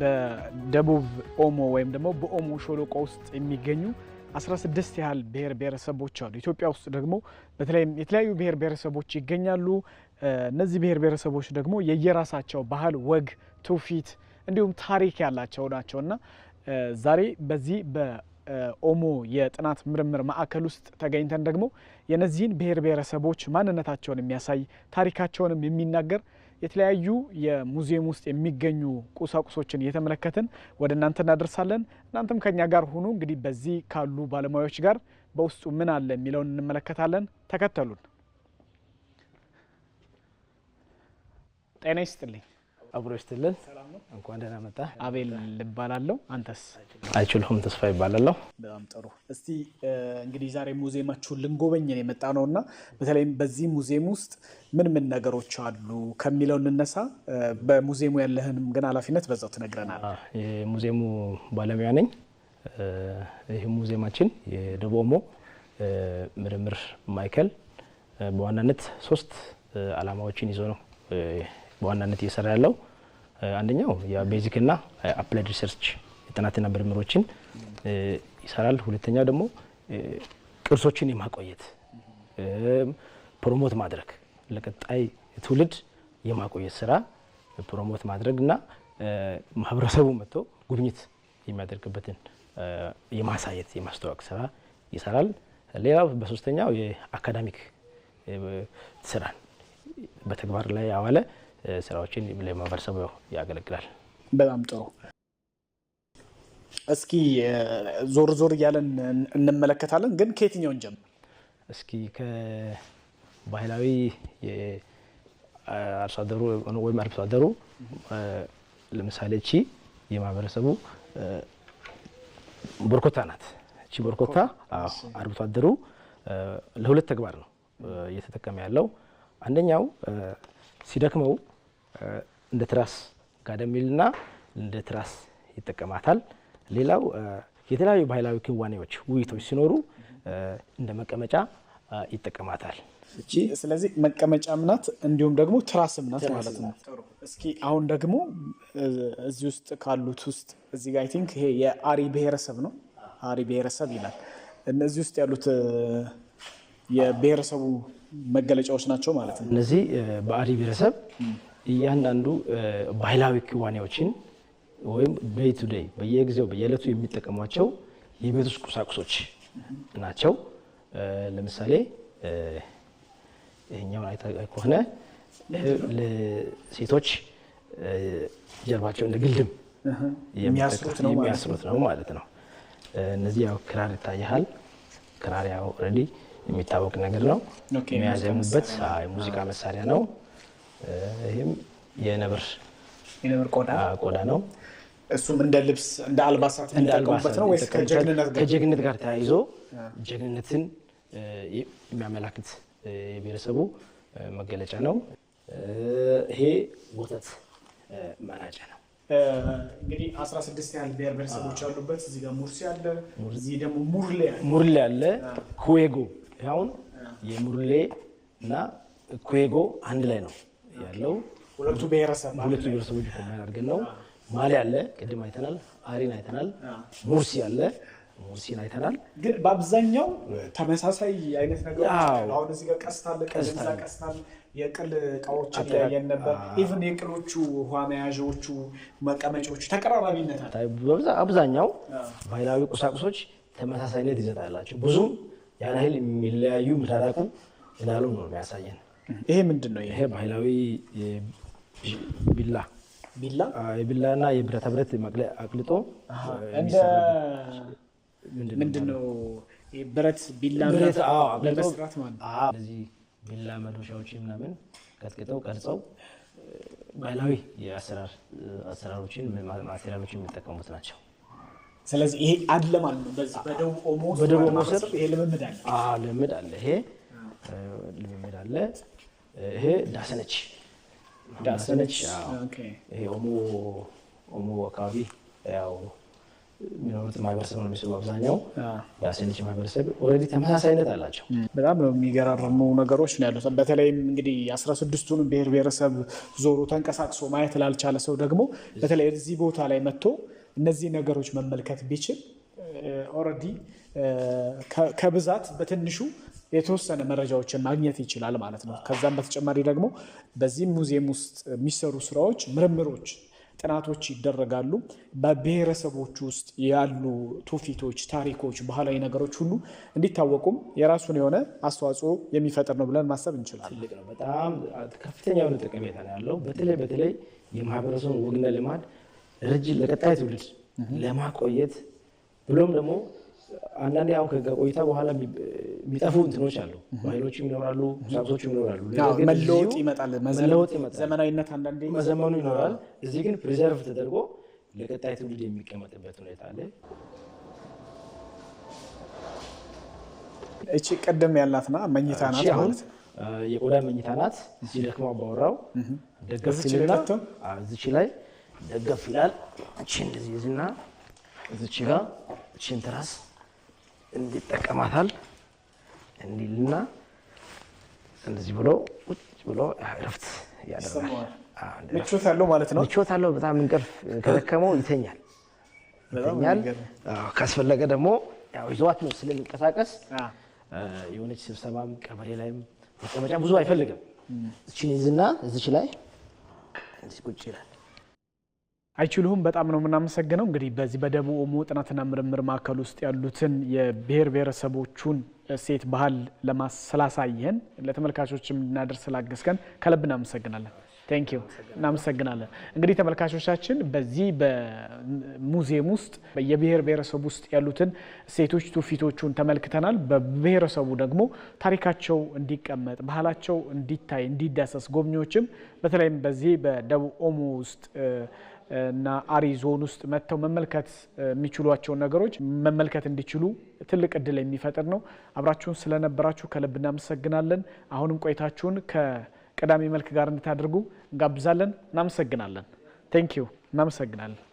በደቡብ ኦሞ ወይም ደግሞ በኦሞ ሸለቆ ውስጥ የሚገኙ 16 ያህል ብሔር ብሔረሰቦች አሉ። ኢትዮጵያ ውስጥ ደግሞ በተለይም የተለያዩ ብሔር ብሔረሰቦች ይገኛሉ። እነዚህ ብሔር ብሔረሰቦች ደግሞ የየራሳቸው ባህል፣ ወግ፣ ትውፊት እንዲሁም ታሪክ ያላቸው ናቸው እና ዛሬ በዚህ በኦሞ የጥናት ምርምር ማዕከል ውስጥ ተገኝተን ደግሞ የነዚህን ብሔር ብሔረሰቦች ማንነታቸውን የሚያሳይ ታሪካቸውንም የሚናገር የተለያዩ የሙዚየም ውስጥ የሚገኙ ቁሳቁሶችን እየተመለከትን ወደ እናንተ እናደርሳለን። እናንተም ከኛ ጋር ሁኑ። እንግዲህ በዚህ ካሉ ባለሙያዎች ጋር በውስጡ ምን አለ የሚለውን እንመለከታለን። ተከተሉን። ጤና ይስጥልኝ። አብሮ ይስጥልን። እንኳን ደህና መጣ። አቤል እባላለሁ። አንተስ? አይችልሁም ተስፋ ይባላለሁ። በጣም ጥሩ። እስቲ እንግዲህ ዛሬ ሙዚየማችሁን ልንጎበኝን የመጣ ነው እና በተለይም በዚህ ሙዚየም ውስጥ ምን ምን ነገሮች አሉ ከሚለው እንነሳ። በሙዚየሙ ያለህንም ግን ኃላፊነት በዛው ትነግረናል። የሙዚየሙ ባለሙያ ነኝ። ይህ ሙዚየማችን የደቡብ ኦሞ ምርምር ማዕከል በዋናነት ሶስት አላማዎችን ይዞ ነው በዋናነት እየሰራ ያለው አንደኛው እና አፕላይድ ሪሰርች የጥናትና ምርምሮችን ይሰራል። ሁለተኛው ደግሞ ቅርሶችን የማቆየት ፕሮሞት ማድረግ ለቀጣይ ትውልድ የማቆየት ስራ ፕሮሞት ማድረግ እና ማህበረሰቡ መጥቶ ጉብኝት የሚያደርግበትን የማሳየት የማስተዋወቅ ስራ ይሰራል። ሌላው በሶስተኛው የአካዳሚክ ስራን በተግባር ላይ ያዋለ ስራዎችን ለማህበረሰቡ ያገለግላል። በጣም ጥሩ። እስኪ ዞር ዞር እያለን እንመለከታለን። ግን ከየትኛው እንጀምር? እስኪ ከባህላዊ አርሶ ወይም አርሶ አደሩ ለምሳሌ ቺ የማህበረሰቡ ቦርኮታ ናት። ቺ ቦርኮታ አርብቶ አደሩ ለሁለት ተግባር ነው እየተጠቀመ ያለው። አንደኛው ሲደክመው እንደ ትራስ ጋደም ይልና እንደ ትራስ ይጠቀማታል። ሌላው የተለያዩ ባህላዊ ክዋኔዎች፣ ውይይቶች ሲኖሩ እንደ መቀመጫ ይጠቀማታል። ስለዚህ መቀመጫም ናት እንዲሁም ደግሞ ትራስም ናት ማለት ነው። እስኪ አሁን ደግሞ እዚህ ውስጥ ካሉት ውስጥ እዚህ ጋ አይ ቲንክ ይሄ የአሪ ብሔረሰብ ነው። አሪ ብሔረሰብ ይላል። እነዚህ ውስጥ ያሉት የብሔረሰቡ መገለጫዎች ናቸው ማለት ነው። እነዚህ በአሪ ብሔረሰብ እያንዳንዱ ባህላዊ ክዋኔዎችን ወይም ደይ ቱ ደይ በየጊዜው በየዕለቱ የሚጠቀሟቸው የቤት ውስጥ ቁሳቁሶች ናቸው። ለምሳሌ ይህኛውን አይታ ከሆነ ለሴቶች ጀርባቸው እንደ ግልድም የሚያስሩት ነው ማለት ነው። እነዚህ ያው ክራር ይታይሃል። ክራር ያው ኦልሬዲ የሚታወቅ ነገር ነው። የሚያዘሙበት የሙዚቃ መሳሪያ ነው። ይህም የነብር የነብር ቆዳ ቆዳ ነው። እሱም እንደ ልብስ እንደ አልባሳት የሚጠቀሙበት ነው ወይስ ከጀግንነት ጋር ተያይዞ ጀግንነትን የሚያመላክት የብሔረሰቡ መገለጫ ነው። ይሄ ወተት መራጫ ነው። እንግዲህ አስራ ስድስት ያህል ብሔር ብሔረሰቦች ያሉበት እዚህ ጋር ሙርሲ አለ፣ እዚህ ደግሞ ሙርሌ ሙርሌ አለ፣ ኩዌጎ አሁን የሙርሌ እና ኩዌጎ አንድ ላይ ነው ያለው ሁለቱ ብሔረሰቦች ኮምባይን አድርገን ነው። ማሊ አለ፣ ቅድም አይተናል። አሪን አይተናል። ሙርሲ አለ፣ ሙርሲን አይተናል። ግን በአብዛኛው ተመሳሳይ አይነት ነገሮች አሁን እዚህ ጋር ቀስታል፣ ቀስታል፣ ቀስታል የቅል እቃዎች እያየን ነበር። ኢቭን የቅሎቹ ውሃ መያዣዎቹ፣ መቀመጫዎቹ ተቀራራቢነት አብዛኛው ባህላዊ ቁሳቁሶች ተመሳሳይነት ይዘት አላቸው። ብዙም ያን ያህል የሚለያዩ ምታራቁ እንዳሉ ነው የሚያሳየን። ይሄ ምንድን ነው? ይሄ ባህላዊ ቢላ ቢላ እና የብረታ ብረት አቅልጦ ምንድን ቢላ መዶሻዎች ምናምን ቀጥቅጠው ቀርጸው ባህላዊ አሰራሮችን ማቴሪያሎችን የሚጠቀሙት ናቸው። ስለዚህ ይሄ አለ ማለት ነው። በዚህ በደቡብ ኦሞ ስር ይሄ ልምምድ አለ። ልምምድ አለ። ይሄ ልምምድ አለ። ይሄ ዳሰነች ዳሰነች ይሄ ኦሞ ኦሞ አካባቢ ያው የሚኖሩት ማህበረሰብ ነው የሚስሉ አብዛኛው ዳሰነች ማህበረሰብ ኦልሬዲ ተመሳሳይነት አላቸው። በጣም የሚገራርሙ ነገሮች ነው ያሉት። በተለይም እንግዲህ አስራ ስድስቱን ብሔር ብሔረሰብ ዞሮ ተንቀሳቅሶ ማየት ላልቻለ ሰው ደግሞ በተለይ እዚህ ቦታ ላይ መጥቶ እነዚህ ነገሮች መመልከት ቢችል ኦልሬዲ ከብዛት በትንሹ የተወሰነ መረጃዎችን ማግኘት ይችላል ማለት ነው። ከዛም በተጨማሪ ደግሞ በዚህ ሙዚየም ውስጥ የሚሰሩ ስራዎች፣ ምርምሮች፣ ጥናቶች ይደረጋሉ። በብሔረሰቦች ውስጥ ያሉ ትውፊቶች፣ ታሪኮች፣ ባህላዊ ነገሮች ሁሉ እንዲታወቁም የራሱን የሆነ አስተዋጽኦ የሚፈጥር ነው ብለን ማሰብ እንችላለን። በጣም ከፍተኛ የሆነ ጠቀሜታ ነው ያለው። በተለይ በተለይ የማህበረሰቡን ወግና ልማድ ረጅም ለቀጣይ ትውልድ ለማቆየት ብሎም ደግሞ አንዳንዴ አሁን ከቆይታ በኋላ የሚጠፉ እንትኖች አሉ፣ ባህሎችም ይኖራሉ፣ ሳብሶች ይኖራሉ። መለወጥ ይመጣል፣ ይመጣል፣ ዘመናዊነት አንዳንዴ መዘመኑ ይኖራል። እዚህ ግን ፕሪዘርቭ ተደርጎ ለቀጣይ ትውልድ የሚቀመጥበት ሁኔታ አለ። እቺ ቀደም ያላት ና መኝታ ናት። አሁን የቆዳ መኝታ ናት። እዚህ ደግሞ አባወራው ደገፍ ሲልና እዚች ላይ ደገፍ ይላል። እቺ እንደዚህ ዝና እዚች ጋር እቺን ትራስ እንዲጠቀማታል እንዲልና እንደዚህ ብሎ ቁጭ ብሎ እረፍት ያደርጋል። ምቾት አለው ማለት ነው። ምቾት አለው። በጣም እንቅልፍ ከደከመው ይተኛል ይተኛል። ካስፈለገ ደግሞ ያው ይዘዋት ነው ስለሚንቀሳቀስ የሆነች ስብሰባም ቀበሌ ላይም መቀመጫ ብዙ አይፈልግም። እችን ይዝና እዚች ላይ ቁጭ ይላል። አይችሉም። በጣም ነው የምናመሰግነው። እንግዲህ በዚህ በደቡብ ኦሞ ጥናትና ምርምር ማዕከል ውስጥ ያሉትን የብሔር ብሔረሰቦቹን እሴት ባህል ስላሳየን ለተመልካቾች እንድናደርስ ስላገዝከን ከልብ እናመሰግናለን። ቴንኪዩ እናመሰግናለን። እንግዲህ ተመልካቾቻችን በዚህ በሙዚየም ውስጥ የብሔር ብሔረሰቡ ውስጥ ያሉትን እሴቶች፣ ትውፊቶቹን ተመልክተናል። በብሔረሰቡ ደግሞ ታሪካቸው እንዲቀመጥ፣ ባህላቸው እንዲታይ፣ እንዲዳሰስ ጎብኚዎችም በተለይም በዚህ በደቡብ ኦሞ ውስጥ እና አሪ ዞን ውስጥ መጥተው መመልከት የሚችሏቸውን ነገሮች መመልከት እንዲችሉ ትልቅ እድል የሚፈጥር ነው። አብራችሁን ስለነበራችሁ ከልብ እናመሰግናለን። አሁንም ቆይታችሁን ከቅዳሜ መልክ ጋር እንድታደርጉ እንጋብዛለን። እናመሰግናለን። ቴንኪዩ። እናመሰግናለን።